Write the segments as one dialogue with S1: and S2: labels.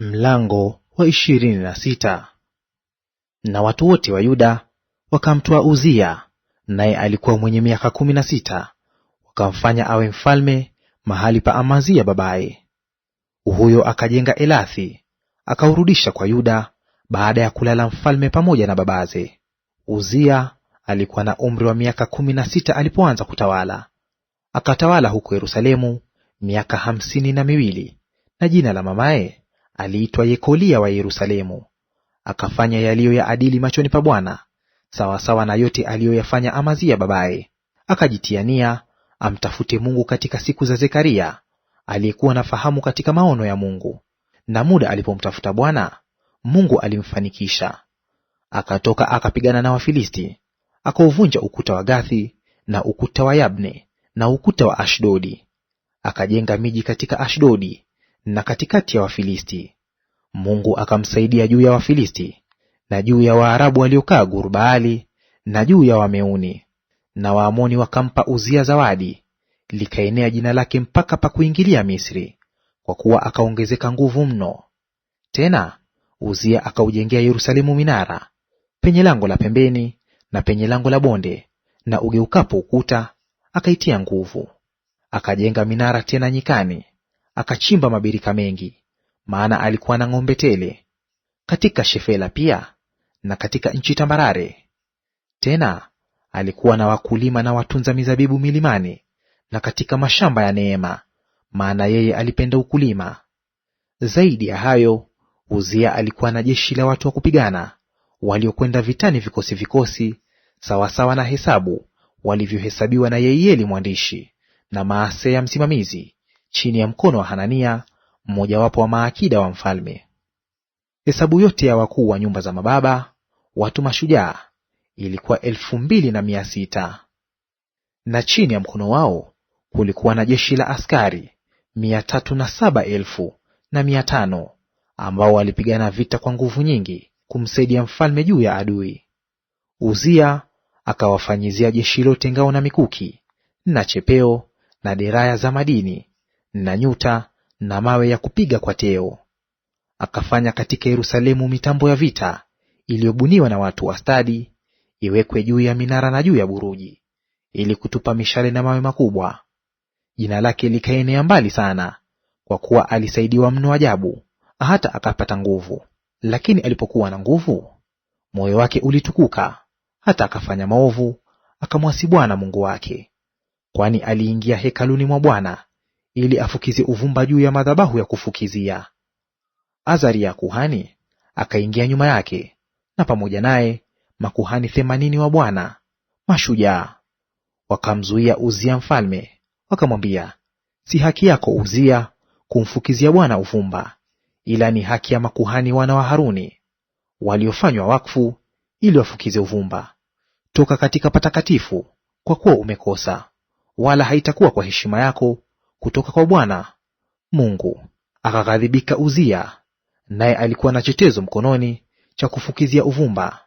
S1: Mlango wa ishirini na sita. Na watu wote wa Yuda wakamtoa Uzia, naye alikuwa mwenye miaka kumi na sita, wakamfanya awe mfalme mahali pa Amazia babaye. Huyo akajenga Elathi, akaurudisha kwa Yuda baada ya kulala mfalme pamoja na babaze. Uzia alikuwa na umri wa miaka kumi na sita alipoanza kutawala, akatawala huko Yerusalemu miaka hamsini na miwili, na jina la mamaye aliitwa Yekolia wa Yerusalemu, akafanya yaliyo ya adili machoni pa Bwana sawasawa na yote aliyoyafanya Amazia babaye. Akajitia nia amtafute Mungu katika siku za Zekaria aliyekuwa na fahamu katika maono ya Mungu. Na muda alipomtafuta Bwana, Mungu alimfanikisha. Akatoka akapigana na Wafilisti, akauvunja ukuta wa Gathi na ukuta wa Yabne na ukuta wa Ashdodi. Akajenga miji katika Ashdodi na katikati ya Wafilisti. Mungu akamsaidia juu ya Wafilisti na juu ya Waarabu waliokaa Gurbaali na juu ya Wameuni. Na Waamoni wakampa Uzia zawadi, likaenea jina lake mpaka pa kuingilia Misri, kwa kuwa akaongezeka nguvu mno. Tena Uzia akaujengea Yerusalemu minara penye lango la pembeni na penye lango la bonde, na ugeukapo ukuta akaitia nguvu. Akajenga minara tena nyikani akachimba mabirika mengi, maana alikuwa na ng'ombe tele katika Shefela pia na katika nchi tambarare. Tena alikuwa na wakulima na watunza mizabibu milimani na katika mashamba ya neema, maana yeye alipenda ukulima. Zaidi ya hayo, Uzia alikuwa na jeshi la watu wa kupigana waliokwenda vitani, vikosi vikosi, sawasawa na hesabu walivyohesabiwa na Yeieli mwandishi na ya msimamizi, chini ya mkono wa Hanania mmojawapo wa maakida wa mfalme. Hesabu yote ya wakuu wa nyumba za mababa, watu mashujaa, ilikuwa elfu mbili na mia sita. Na chini ya mkono wao kulikuwa na jeshi la askari mia tatu na saba elfu na mia tano ambao walipigana vita kwa nguvu nyingi kumsaidia mfalme juu ya adui. Uzia akawafanyizia jeshi lote ngao na mikuki na chepeo na deraya za madini na nyuta na mawe ya kupiga kwa teo. Akafanya katika Yerusalemu mitambo ya vita iliyobuniwa na watu wa stadi, iwekwe juu ya minara na juu ya buruji, ili kutupa mishale na mawe makubwa. Jina lake likaenea mbali sana, kwa kuwa alisaidiwa mno ajabu, hata akapata nguvu. Lakini alipokuwa na nguvu, moyo wake ulitukuka, hata akafanya maovu, akamwasi Bwana Mungu wake. Kwani aliingia hekaluni mwa Bwana ili afukize uvumba juu ya madhabahu ya kufukizia. Azaria kuhani akaingia nyuma yake, na pamoja naye makuhani themanini wa Bwana mashujaa. Wakamzuia Uzia mfalme, wakamwambia, si haki yako Uzia kumfukizia Bwana uvumba, ila ni haki ya makuhani wana wa Haruni waliofanywa wakfu ili wafukize uvumba. Toka katika patakatifu, kwa kuwa umekosa; wala haitakuwa kwa heshima yako kutoka kwa Bwana Mungu. Akaghadhibika Uzia, naye alikuwa na chetezo mkononi cha kufukizia uvumba,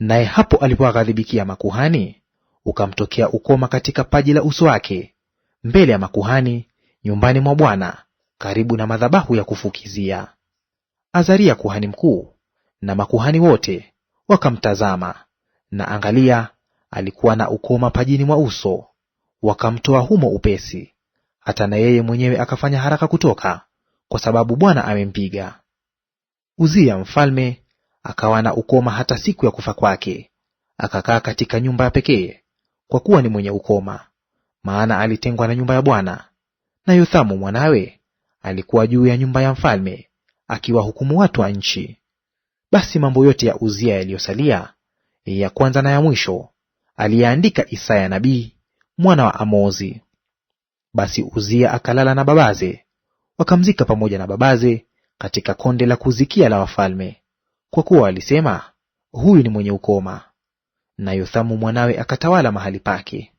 S1: naye hapo alipowaghadhibikia makuhani, ukamtokea ukoma katika paji la uso wake mbele ya makuhani nyumbani mwa Bwana karibu na madhabahu ya kufukizia. Azaria kuhani mkuu na makuhani wote wakamtazama, na angalia, alikuwa na ukoma pajini mwa uso, wakamtoa humo upesi hata na yeye mwenyewe akafanya haraka kutoka, kwa sababu Bwana amempiga. Uzia mfalme akawa na ukoma hata siku ya kufa kwake, akakaa katika nyumba ya pekee, kwa kuwa ni mwenye ukoma, maana alitengwa na nyumba ya Bwana. Na Yothamu mwanawe alikuwa juu ya nyumba ya mfalme, akiwahukumu watu wa nchi. Basi mambo yote ya Uzia yaliyosalia, ya kwanza na ya mwisho, aliyeandika Isaya nabii mwana wa Amozi. Basi Uzia akalala na babaze, wakamzika pamoja na babaze katika konde la kuzikia la wafalme, kwa kuwa walisema, Huyu ni mwenye ukoma. Na Yothamu mwanawe akatawala mahali pake.